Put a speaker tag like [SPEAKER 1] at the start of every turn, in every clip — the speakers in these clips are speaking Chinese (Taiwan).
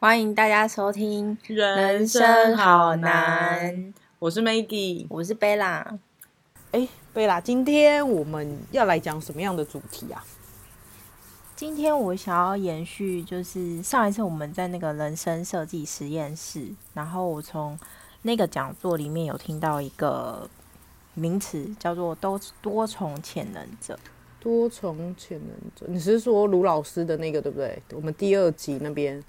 [SPEAKER 1] 歡迎大家收聽人《人生好難》，我是 Maggie，我是貝拉。哎、欸，貝拉，今天我們要來講什麼樣的主題啊？今天我想要延續，就是上一次我們在那個人生設計實驗室，然後我從那個講座裡面有聽到一個名詞，叫做“多多重
[SPEAKER 2] 潛能者”。多重潛能者，你是說盧老師的那個對不對？我們第二集那邊。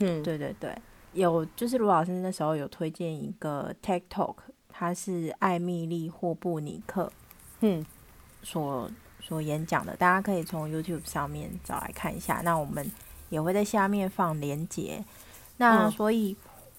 [SPEAKER 2] 嗯，對對對，
[SPEAKER 1] 有就是盧老師那時候有推薦一個 TED Talk，他是艾米麗·霍布尼克，嗯，所所演講的，大家可以從 YouTube 上面找來看一下。那我們也會在下面放連結。那、嗯、所以，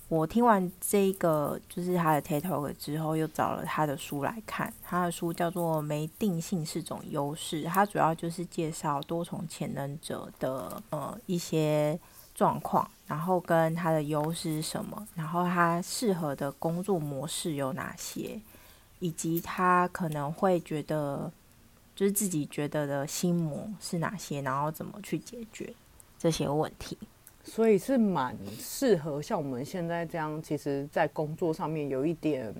[SPEAKER 1] 我聽完這個就是他的 TED Talk 之後，又找了他的書來看。他的書叫做《沒定性是種優勢》，它主要就是介紹多重潛能者的呃一些狀況，然後跟他的優勢是什麼，然後他適合的工作模式有哪些，以及他可能會覺得，就是自己覺得的心魔是哪些，然後怎麼去解決這
[SPEAKER 2] 些問題。所以是蠻適合像我們現在這樣，其實在工作上面有一點。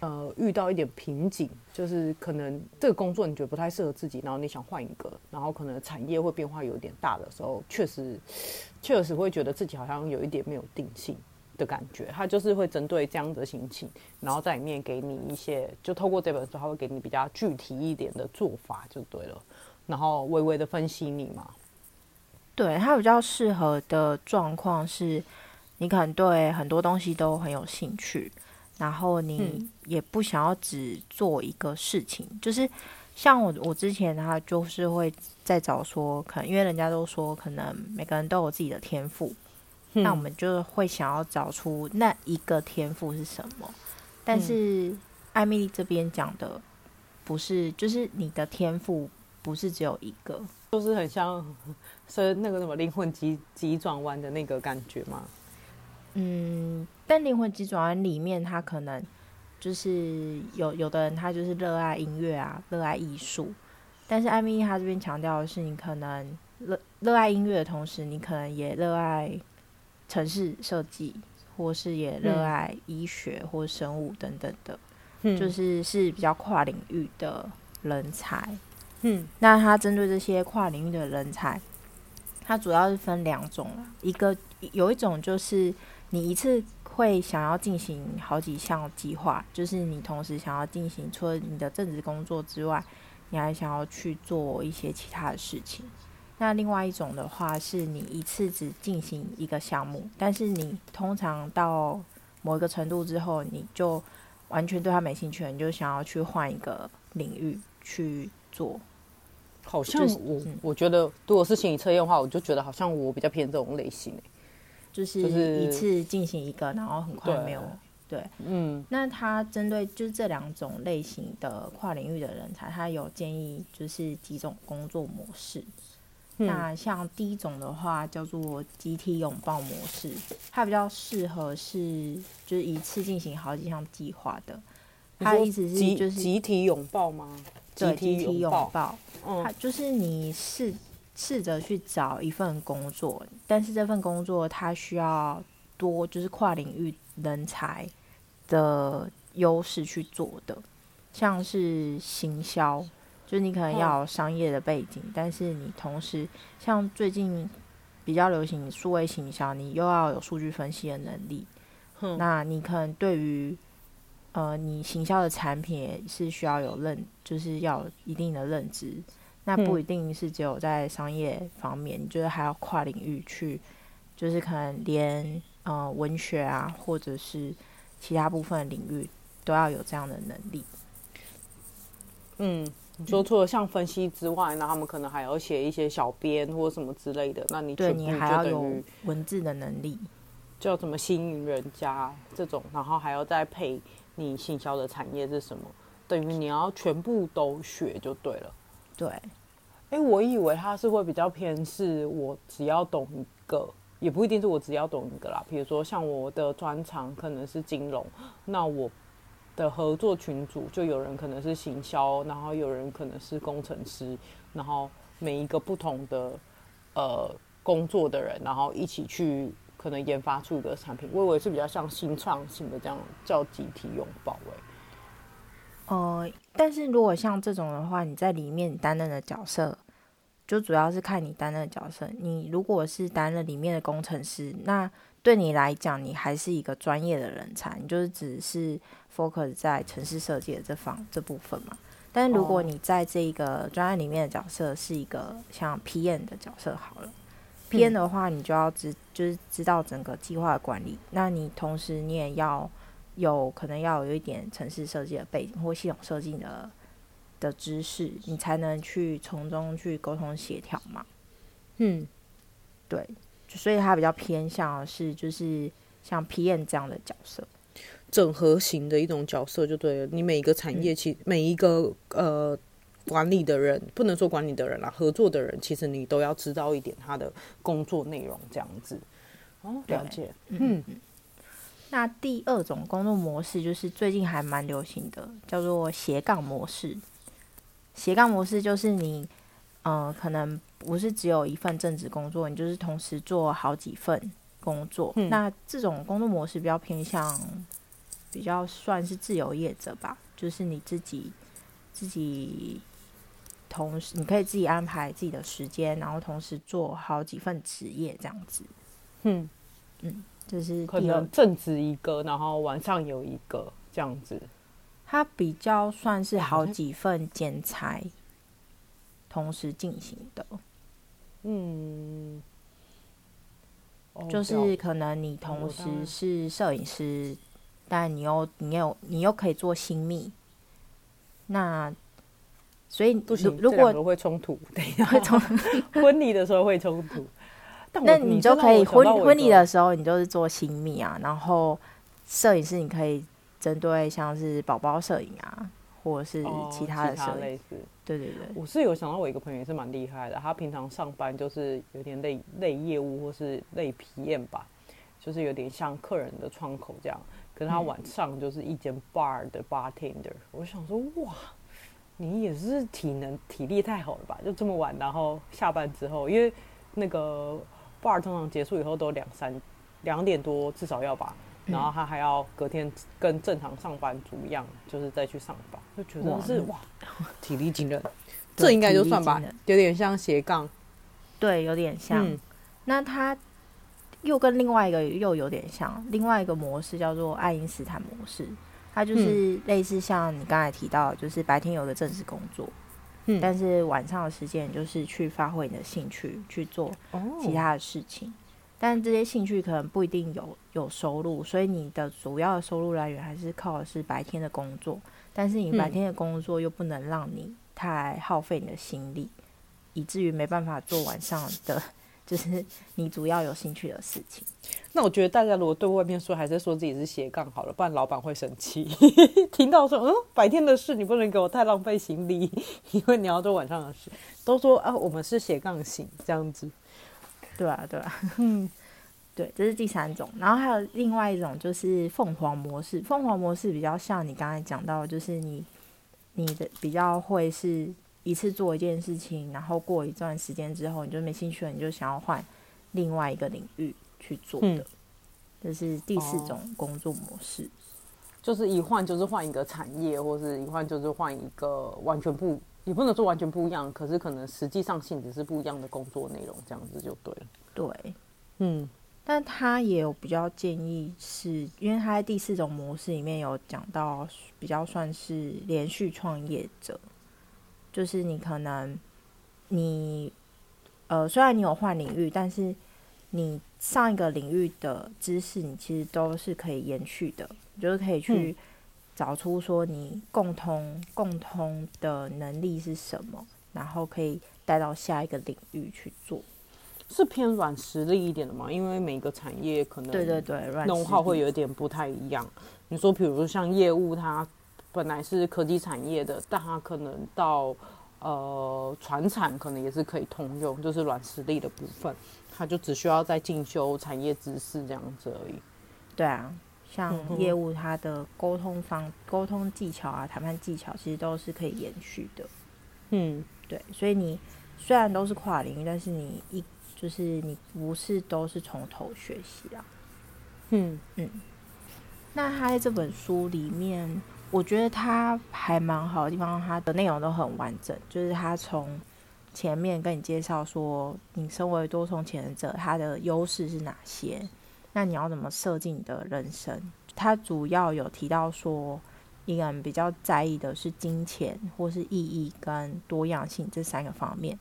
[SPEAKER 2] 呃，遇到一點瓶頸，就是可能這個工作你覺得不太適合自己，然後你想換一個，然後可能產業會變化有點大的時候，確實，確實會覺得自己好像有一點沒有定性的感覺。他就是會針對這樣的心情，然後在裡面給你一些，就透過這本書，他會給你比較具體一點的做法就對了，然後微微的分析你嘛。
[SPEAKER 1] 對，他比較適合的狀況是，你可能對很多東西都很有興趣。然後你也不想要只做一個事情，嗯、就是像我我，之前的話就是會再找說，可能因為人家都說可能每個人都有自己的天賦、
[SPEAKER 2] 嗯，那我們
[SPEAKER 1] 就會想要找出那一個天賦是什麼。但是、嗯、艾米麗這邊講的不是，就是你的天賦不是只有一個，
[SPEAKER 2] 就是很像，是那個什麼靈魂急急轉彎的那個感覺嗎？
[SPEAKER 1] 嗯，但靈魂急轉彎裡面，他可能就是有有的人，他就是熱愛音樂啊，熱愛藝術。但是艾米麗他這邊強調的是，你可能熱熱愛音樂的同時，你可能也熱愛城市設計，或是也熱愛醫學或生物等等的。嗯，就是是比較跨領域的人才。嗯，那他針對這些跨領域的人才，他主要是分兩種啊，一個有一種就是。你一次會想要進行好幾項計劃，就是你同時想要進行除了你的正職工作之外，你還想要去做一些其他的事情。那另外一種的話，是你一次只進行一個項目，但是你通常到某一個程度之後，你就完全對他沒興趣，你就想要去換一個領域去
[SPEAKER 2] 做。好像我、嗯、我覺得，如果是心理測驗的話，我就覺得好像我比較偏這種類型、欸.就是一次
[SPEAKER 1] 進行一個，然後很快沒有對，對，嗯。那他針對就是這兩種類型的跨領域的人才，他有建議就是幾種工作模式。嗯。那像第一種的話叫做集體擁抱模式，它比較適合是就是一次進行好幾項計劃的。它的意思是就是集體擁抱
[SPEAKER 2] 嗎？集體擁抱。嗯
[SPEAKER 1] 抱，他就是你是。試着去找一份工作，但是這份工作它需要多，就是跨領域人才的優勢去做的，像是行銷，就是你可能要有商業的背景，嗯、但是你同時像最近比較流行數位行銷，你又要有數據分析的能力，嗯、那你可能對於呃你行銷的產品是需要有認，就是要有一定的認知。那不一定是只有在商業方面、嗯，就是還要跨領域去，就是可能連呃文學啊，或者是其他部分的領域都要有這樣的能力。
[SPEAKER 2] 嗯，說除了，像分析之外呢，那、嗯、他們可能還要寫一些小編或什麼之類的。那你就對你還要有
[SPEAKER 1] 文字的能力，
[SPEAKER 2] 就要怎麼吸引人家這種，然後還要再配你行銷的產業是什麼，等於你要全部都學就對了。對，誒、欸，我以為他是會比較偏是，我只要懂一個，也不一定是我只要懂一個啦。比如說，像我的專長可能是金融，那我的合作群組就有人可能是行銷，然後有人可能是工程師，然後每一個不同的呃工作的人，然後一起去可能研發出一個產品。我以為是比較像新創型的這樣，叫集體擁抱誒、欸。
[SPEAKER 1] 呃，但是如果像這種的話，你在裡面擔任的角色，就主要是看你擔任的角色。你如果是擔任裡面的工程師，那對你來講，你還是一個專業的人才，你就是只是 focus 在城市設計的這方這部分嘛。但是如果你在這個專案裡面的角色是一個像 PM 的角色，好了，哦，PM 的話，你就要知就是知道整個計劃管理。那你同時你也要，有可能要有一點城市設計的背景或系統設計的的知識，你才能去從中去溝通協調嘛。嗯，對，所以他比較偏向是就是像 PM 這樣的角色，整
[SPEAKER 2] 合型的一種角色就對了。你每一個產業其，其、嗯、每一個呃管理的人，不能說管理的人啦，合作的人，其實你都要知道一點他的工作內容這樣子。哦，了解。嗯。嗯
[SPEAKER 1] 那第二種工作模式就是最近還蠻流行的，叫做斜槓模式。斜槓模式就是你，呃，可能不是只有一份正職工作，你就是同時做好幾份工作。嗯。那這種工作模式比較偏向，比較算是自由業者吧，就是你自己自己同時你可以自己安排自己的時間，然後同時做好幾份職業這樣子。嗯
[SPEAKER 2] 嗯。就是可能正職一個，然後晚上有
[SPEAKER 1] 一個這樣子，他比較算是好幾份兼差同時進行的。嗯，就是可能你同時是攝影師，哦，但你又你又你又可以做新秘。那所以如如果會衝突，等一下會
[SPEAKER 2] 衝突， 婚禮的時候會衝突。但那你就可以婚婚禮的時候，
[SPEAKER 1] 時候你就是做新秘啊，然後攝影師你可以針對像是寶寶攝影啊，或者是其他的攝影、哦、其他的類似。對對
[SPEAKER 2] 對，我是有想到我一個朋友也是蠻厲害的，他平常上班就是有點累累業務或是累體驗吧，就是有點像客人的窗口這樣。可是，他晚上就是一間 bar 的 bartender、嗯、我想說哇，你也是體能體力太好了吧？就這麼晚，然後下班之後，因為那個。bar 通常結束以後都兩三兩點多，至少要吧、嗯，然後他還要隔天跟正常上班族一樣，就是再去上班，就覺得是哇，哇，體力驚人 ，
[SPEAKER 1] 這應該就算吧，有點像斜槓，對，有點像。嗯、那他又跟另外一個又有點像，另外一個模式叫做愛因斯坦模式，他就是類似像你剛才提到，就是白天有個正式工作。嗯但是晚上的時間就是去發揮你的興趣，去做其他的事情，Oh. 但這些興趣可能不一定有有收入，所以你的主要的收入來源還是靠的是白天的工作，但是你白天的工作又不能讓你太耗費你的心力，嗯、以至於沒辦法做晚上的。 就是你主
[SPEAKER 2] 要有興趣的事情。那我覺得大家如果對外面說，還是說自己是斜槓好了，不然老闆會生氣。 聽到說，嗯，白天的事你不能給我太浪費心力，因為你要做晚上的事。都說啊，我們是斜槓型這樣子。對啊，對啊，
[SPEAKER 1] 對，這是第三種。然後還有另外一種就是鳳凰模式。鳳凰模式比較像你剛才講到，就是你你的比較會是。一次做一件事情，然後過一段時間之後你就沒興趣了，你就想要換另外一個領域去做的，嗯，這是第四種工作模式，
[SPEAKER 2] 哦，就是一換就是換一個產業，或者是一換就是換一個完全不，也不能說完全不一樣，可是可能實際上性質是不一樣的工作內容，這樣子就對了。對，
[SPEAKER 1] 嗯，但他也有比較建議是，是因為他在第四種模式裡面有講到比較算是連續創業者。就是你可能，你，呃，雖然你有換領域，但是你上一個領域的知識，你其實都是可以延續的，就是可以去找出說你共通、嗯、共通的能力是什麼，然後可以帶到下一個領域去做，
[SPEAKER 2] 是偏軟實力一點的嘛？因為每個產業可能對對對，能耗會有點不太一樣。你說，比如像業務它。本來是科技產業的，但他可能到呃傳產，可能也是可以通用，就是軟實力的部分，他就只需要再進修產業知識這樣子而已。對啊，
[SPEAKER 1] 像業務他的溝通方、溝、嗯、通技巧啊、談判技巧，其實都是可以延續的。嗯，對，所以你雖然都是跨領域，但是你一就是你不是都是從頭學習啊。嗯嗯，那他在這本書裡面。我覺得他還蠻好的地方，他的內容都很完整。就是他從前面跟你介紹說，你身為多重潛者，他的優勢是哪些？那你要怎麼設計你的人生？他主要有提到說，一個人比較在意的是金錢，或是意義跟多樣性這三個方面。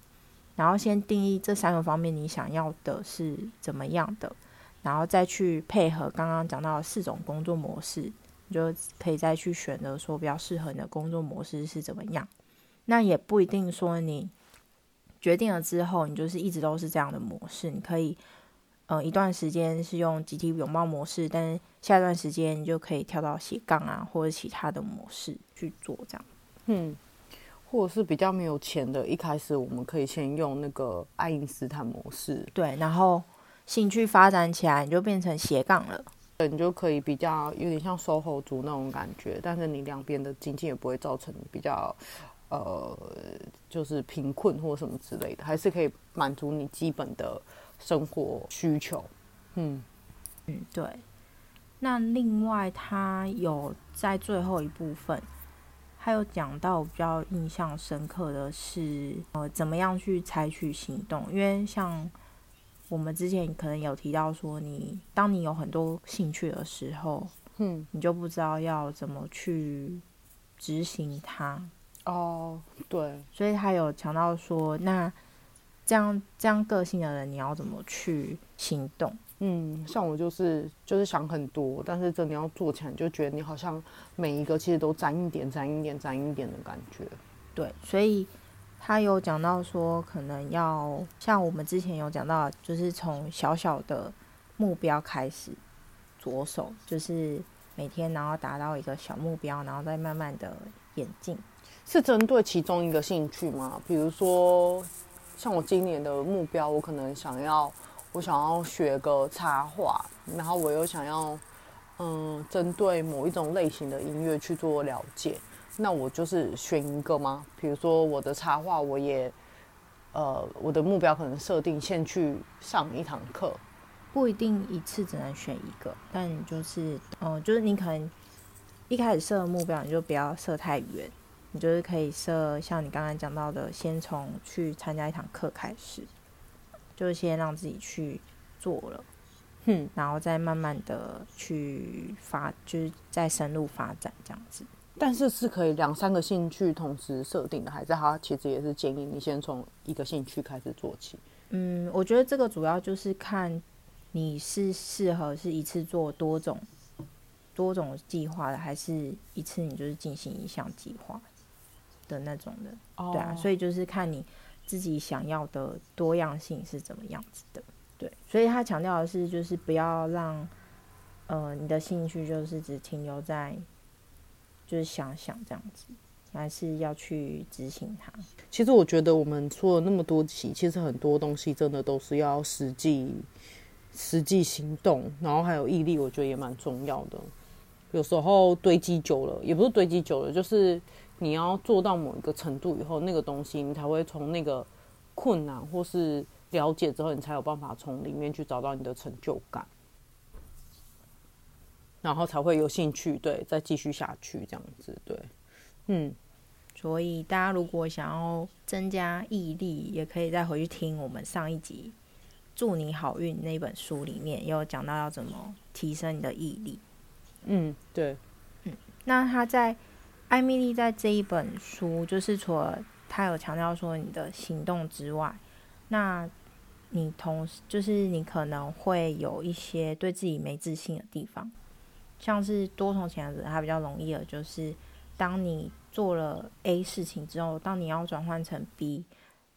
[SPEAKER 1] 然後先定義這三個方面你想要的是怎麼樣的，然後再去配合剛剛講到的四種工作模式。就可以再去選擇說比較適合你的工作模式是怎麼樣。那也不一定說你決定了之後，你就是一直都是這樣的模式。你可以、呃，嗯一段時間是用集體擁抱模式，但是下一段時間你就可以跳到斜槓啊，或者其他的模式去做這樣。
[SPEAKER 2] 嗯。或者是比較沒有錢的，一開始我們可以先用那個愛因斯坦模式，對，然後興趣發展起來，你就變成斜槓了。對，你就可以比較有點像 SOHO 族那種感覺，但是你兩邊的經濟也不會造成比較，呃，就是貧困或什麼之類的，還是可以滿足你基本的生活需求。嗯，嗯，對。
[SPEAKER 1] 那另外，他有在最後一部分，他有講到比較印象深刻的是，呃，怎麼樣去採取行動？因為像。我們之前可能有提到說你，你當你有很多興趣的時候，嗯，你就不知道要怎麼去執行它。哦，對。所以他有強調說，那這樣這樣個性的人，你要怎麼去
[SPEAKER 2] 行動？嗯，像我就是就是想很多，但是真的要做起來，就覺得你好像每一個其實都沾一點、沾一點、沾一點的感覺。對，所以。他
[SPEAKER 1] 有講到說，可能要像我們之前有講到，就是從小小的目標開始着手，就是每天然後達到
[SPEAKER 2] 一個小目標，然後再慢慢的演進。是針對其中一個興趣嗎？比如說，像我今年的目標，我可能想要，我想要學個插畫，然後我又想要，嗯，針對某一種類型的音樂去做了解。那我就是選一個嗎？比如說我的插畫，我也，呃，我的目標可能設定先去上一堂課，
[SPEAKER 1] 不一定一次只能選一個，但你就是，嗯、呃，就是你可能一開始設的目標，你就不要設太遠，你就是可以設像你剛剛講到的，先從去參加一堂課開始，就是先讓自己去做了，哼、嗯，然後再慢慢的去發，就是再深入發展這樣子。
[SPEAKER 2] 但是是可以兩三個興趣同時設定的，還是他其實也是建議你先從一個興趣開始做起？嗯，我覺得這個主要就是
[SPEAKER 1] 看你是適合是一次做多種多種計劃的，還是一次你就是進行一項計劃的那種的。Oh. 對啊，所以就是看你自己想要的多樣性是怎麼樣子的。對，所以他強調的是就是不要讓呃你的興趣就是只停留在。就是想想這樣
[SPEAKER 2] 子，還是要去執行它。其實我覺得我們做了那麼多期，其實很多東西真的都是要實際實際行動，然後還有毅力，我覺得也蠻重要的。有時候堆積久了，也不是堆積久了，就是你要做到某一個程度以後，那個東西你才會從那個困難或是了解之後，你才有辦法從裡面去找到你的成就感。然後才會有興趣，對，再繼續下去這樣子，對，
[SPEAKER 1] 嗯，所以大家如果想要增加毅力，也可以再回去聽我們上一集《祝你好運》那本書裡面，有講到要怎麼提升你的毅力。嗯，對，嗯，那他在艾米麗在這一本書，就是除了他有強調說你的行動之外，那你同時就是你可能會有一些對自己沒自信的地方。像是多重潛能者，它比較容易的，就是當你做了 A 事情之後，當你要轉換成 B，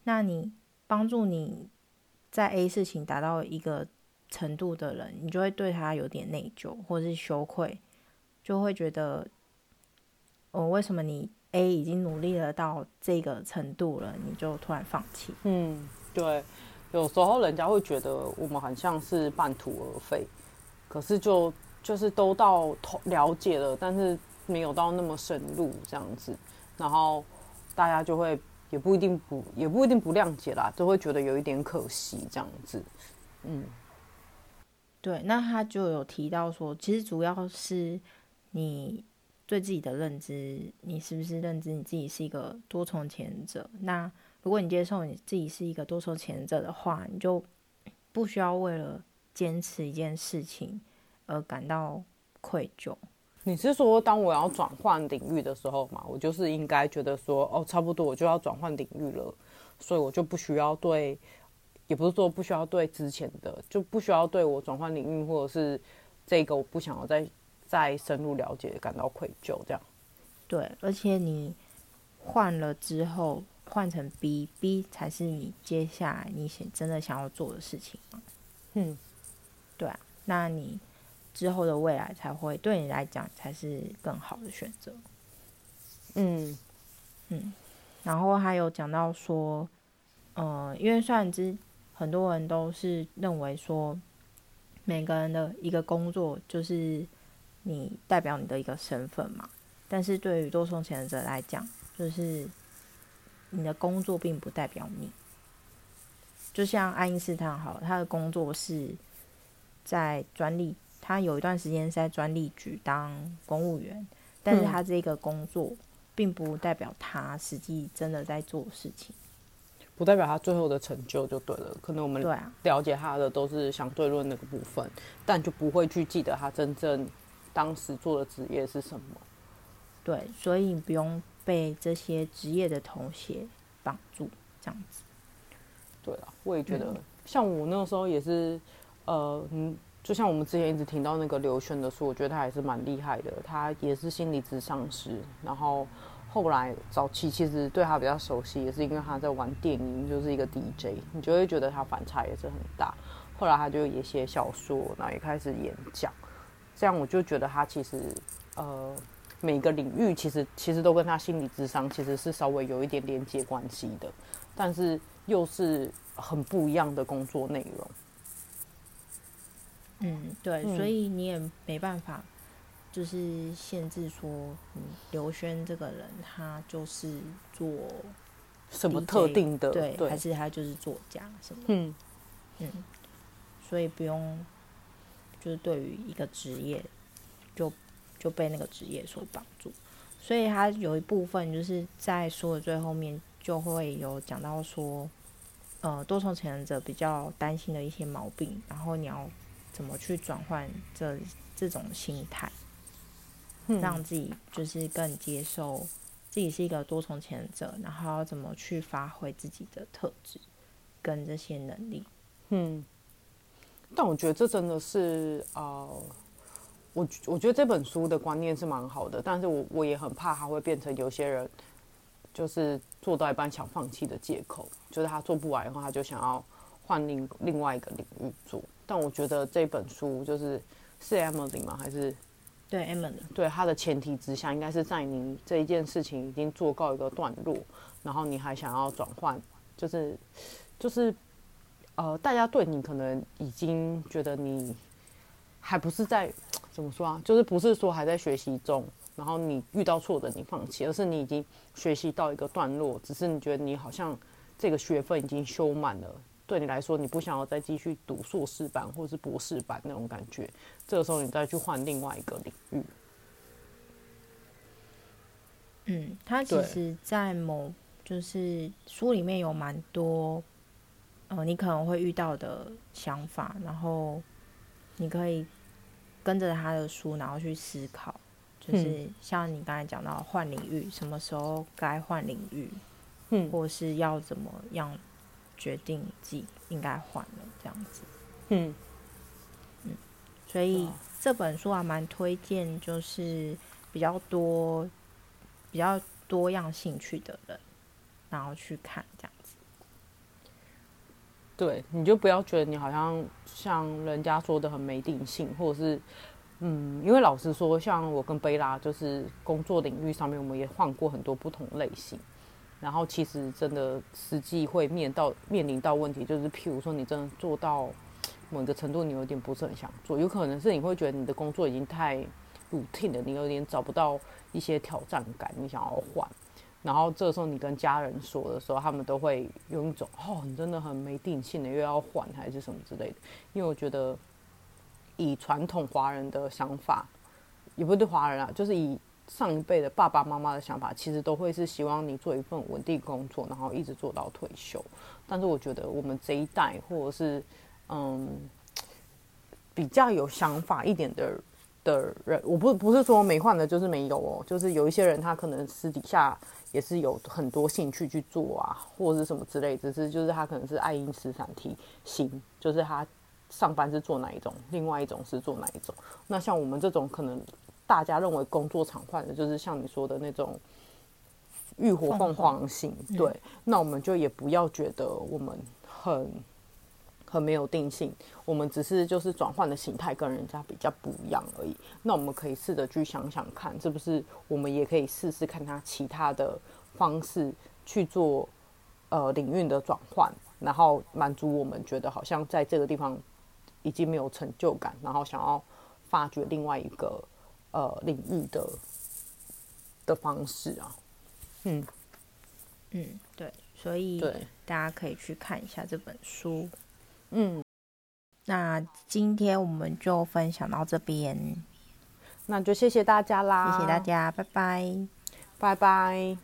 [SPEAKER 1] 那你幫助你在 A 事情達到一個程度的人，你就會對他有點內疚或者是羞愧，就會覺得我、呃、為什麼你 A 已經努力了到這個程度了，你就突然放棄？嗯，
[SPEAKER 2] 對，有時候人家會覺得我們好像是半途而廢，可是就。就是都到同了解了，但是沒有到那麼深入這樣子，然後大家就會也不一定不，也不一定不諒解啦，都會覺得有一點可惜這樣子，
[SPEAKER 1] 嗯，對，那他就有提到說，其實主要是你對自己的認知，你是不是認知你自己是一個多重潛能者？那如果你接受你自己是一個多重潛能者的話，你就不需要為了堅持一件事情。而感到愧疚。
[SPEAKER 2] 你是說，當我要轉換領域的時候嘛，我就是應該覺得說，哦，差不多我就要轉換領域了，所以我就不需要對，也不是說不需要對之前的，就不需要對我轉換領域或者是這個我不想要再再深入了解，感到愧疚，這樣。
[SPEAKER 1] 對，而且你換了之後換成 B，B 才是你接下來你想真的想要做的事情嗎？嗯，對啊，那你。之後的未來才會對你來講才是更好的選擇。嗯嗯，然後還有講到說，呃，因為雖然很多人都是認為說，每個人的一個工作就是你代表你的一個身份嘛。但是對於多重潛者來講，就是你的工作並不代表你。就像愛因斯坦，好，他的工作是在專利。他有一段時間是在專利局當公務員，但是他這個工作並不代表他實際真的在做事情，
[SPEAKER 2] 嗯，不代表他最後的成就就對了。可能我們了解他的都是相對論那個部分，啊，但就不會去記得他真正當時做的職業是什麼？
[SPEAKER 1] 對，所以你不用被這些職業的頭銜綁住這樣子。
[SPEAKER 2] 對啊，我也覺得，嗯、像我那時候也是，呃，嗯。就像我們之前一直聽到那個劉軒的書，我覺得他還是蠻厲害的。他也是心理諮商師，然後後來早期其實對他比較熟悉，也是因為他在玩電音，就是一個 DJ。你就會覺得他反差也是很大。後來他就也寫小說，然後也開始演講，這樣我就覺得他其實呃每個領域其實其實都跟他心理諮商其實是稍微有一點點連接關係的，但是又是很不一樣的工作內容。
[SPEAKER 1] 嗯，對，嗯，所以你也沒辦法，就是限制說，嗯，劉軒這個人他就是做 DJ，什麼特定的對，對，還是他就是作家什麼的？嗯，嗯，所以不用，就是對於一個職業，就就被那個職業所綁住。所以他有一部分就是在書的最後面就會有講到說，呃，多重潛能者比較擔心的一些毛病，然後你要。怎麼去轉換這這種心態，
[SPEAKER 2] 嗯，讓
[SPEAKER 1] 自己就是更接受自己是一個多重潛能者，然後要怎麼去發揮自己的特質跟這些能力？嗯，
[SPEAKER 2] 但我覺得這真的是啊，呃，我我覺得這本書的觀念是蠻好的，但是我我也很怕他會變成有些人就是做到一半想放棄的借口，就是他做不完的話，他就想要。換另另外一個領域做，但我覺得這本書就是是 M 的嗎？還是對 M 的？對它的前提之下，應該是在你這一件事情已經做夠一個段落，然後你還想要轉換，就是就是呃，大家對你可能已經覺得你還不是在怎麼說啊？就是不是說還在學習中，然後你遇到錯的你放棄，而是你已經學習到一個段落，只是你覺得你好像這個學分已經修滿了。對你來說，你不想要再繼續讀碩士班或是博士班那種感覺，這個時候你再去換另外一個領域。嗯，
[SPEAKER 1] 他其實在某就是書裡面有蠻多，呃，你可能會遇到的想法，然後你可以跟着他的書，然後去思考，就是像你剛才講到換領域，什麼時候該換領域？嗯，或是要怎麼樣。決定自己應該換了這樣子
[SPEAKER 2] 嗯，
[SPEAKER 1] 嗯，所以這本書還蠻推薦，就是比較多比較多樣興趣的人，然後去看這樣子。
[SPEAKER 2] 對，你就不要覺得你好像像人家說的很沒定性，或者是，嗯，因為老實說，像我跟貝拉，就是工作領域上面，我們也換過很多不同類型。然後其實真的實際會面到面臨到問題，就是譬如說你真的做到某個程度，你有點不是很想做，有可能是你會覺得你的工作已經太 routine 了，你有點找不到一些挑戰感，你想要換。然後這時候你跟家人說的時候，他們都會有一種哦，你真的很沒定性的、欸，又要換還是什麼之類的。因為我覺得以傳統華人的想法，也不是華人啊，就是以。上一輩的爸爸媽媽的想法，其實都會是希望你做一份穩定工作，然後一直做到退休。但是我覺得我們這一代，或者是嗯，比較有想法一點的的人，我不不是說沒換的，就是沒有哦，就是有一些人他可能私底下也是有很多興趣去做啊，或者是什麼之類的，只是就是他可能是愛因斯坦提型，就是他上班是做哪一種，另外一種是做哪一種。那像我們這種可能。大家認為工作常換，的就是像你說的那種浴火鳳凰型，對、嗯，那我們就也不要覺得我們很很沒有定性，我們只是就是轉換的形態跟人家比較不一樣而已。那我們可以試着去想想看，是不是我們也可以試試看他其他的方式去做呃領域的轉換，然後滿足我們覺得好像在這個地方已經沒有成就感，然後想要發掘另外一個。呃，領域的的方式啊，嗯，嗯，對，所以
[SPEAKER 1] 對，大家可以去看一下這本書，嗯，那今天我們就分享到這邊，那就謝謝大家啦，謝謝大家，拜拜，拜拜。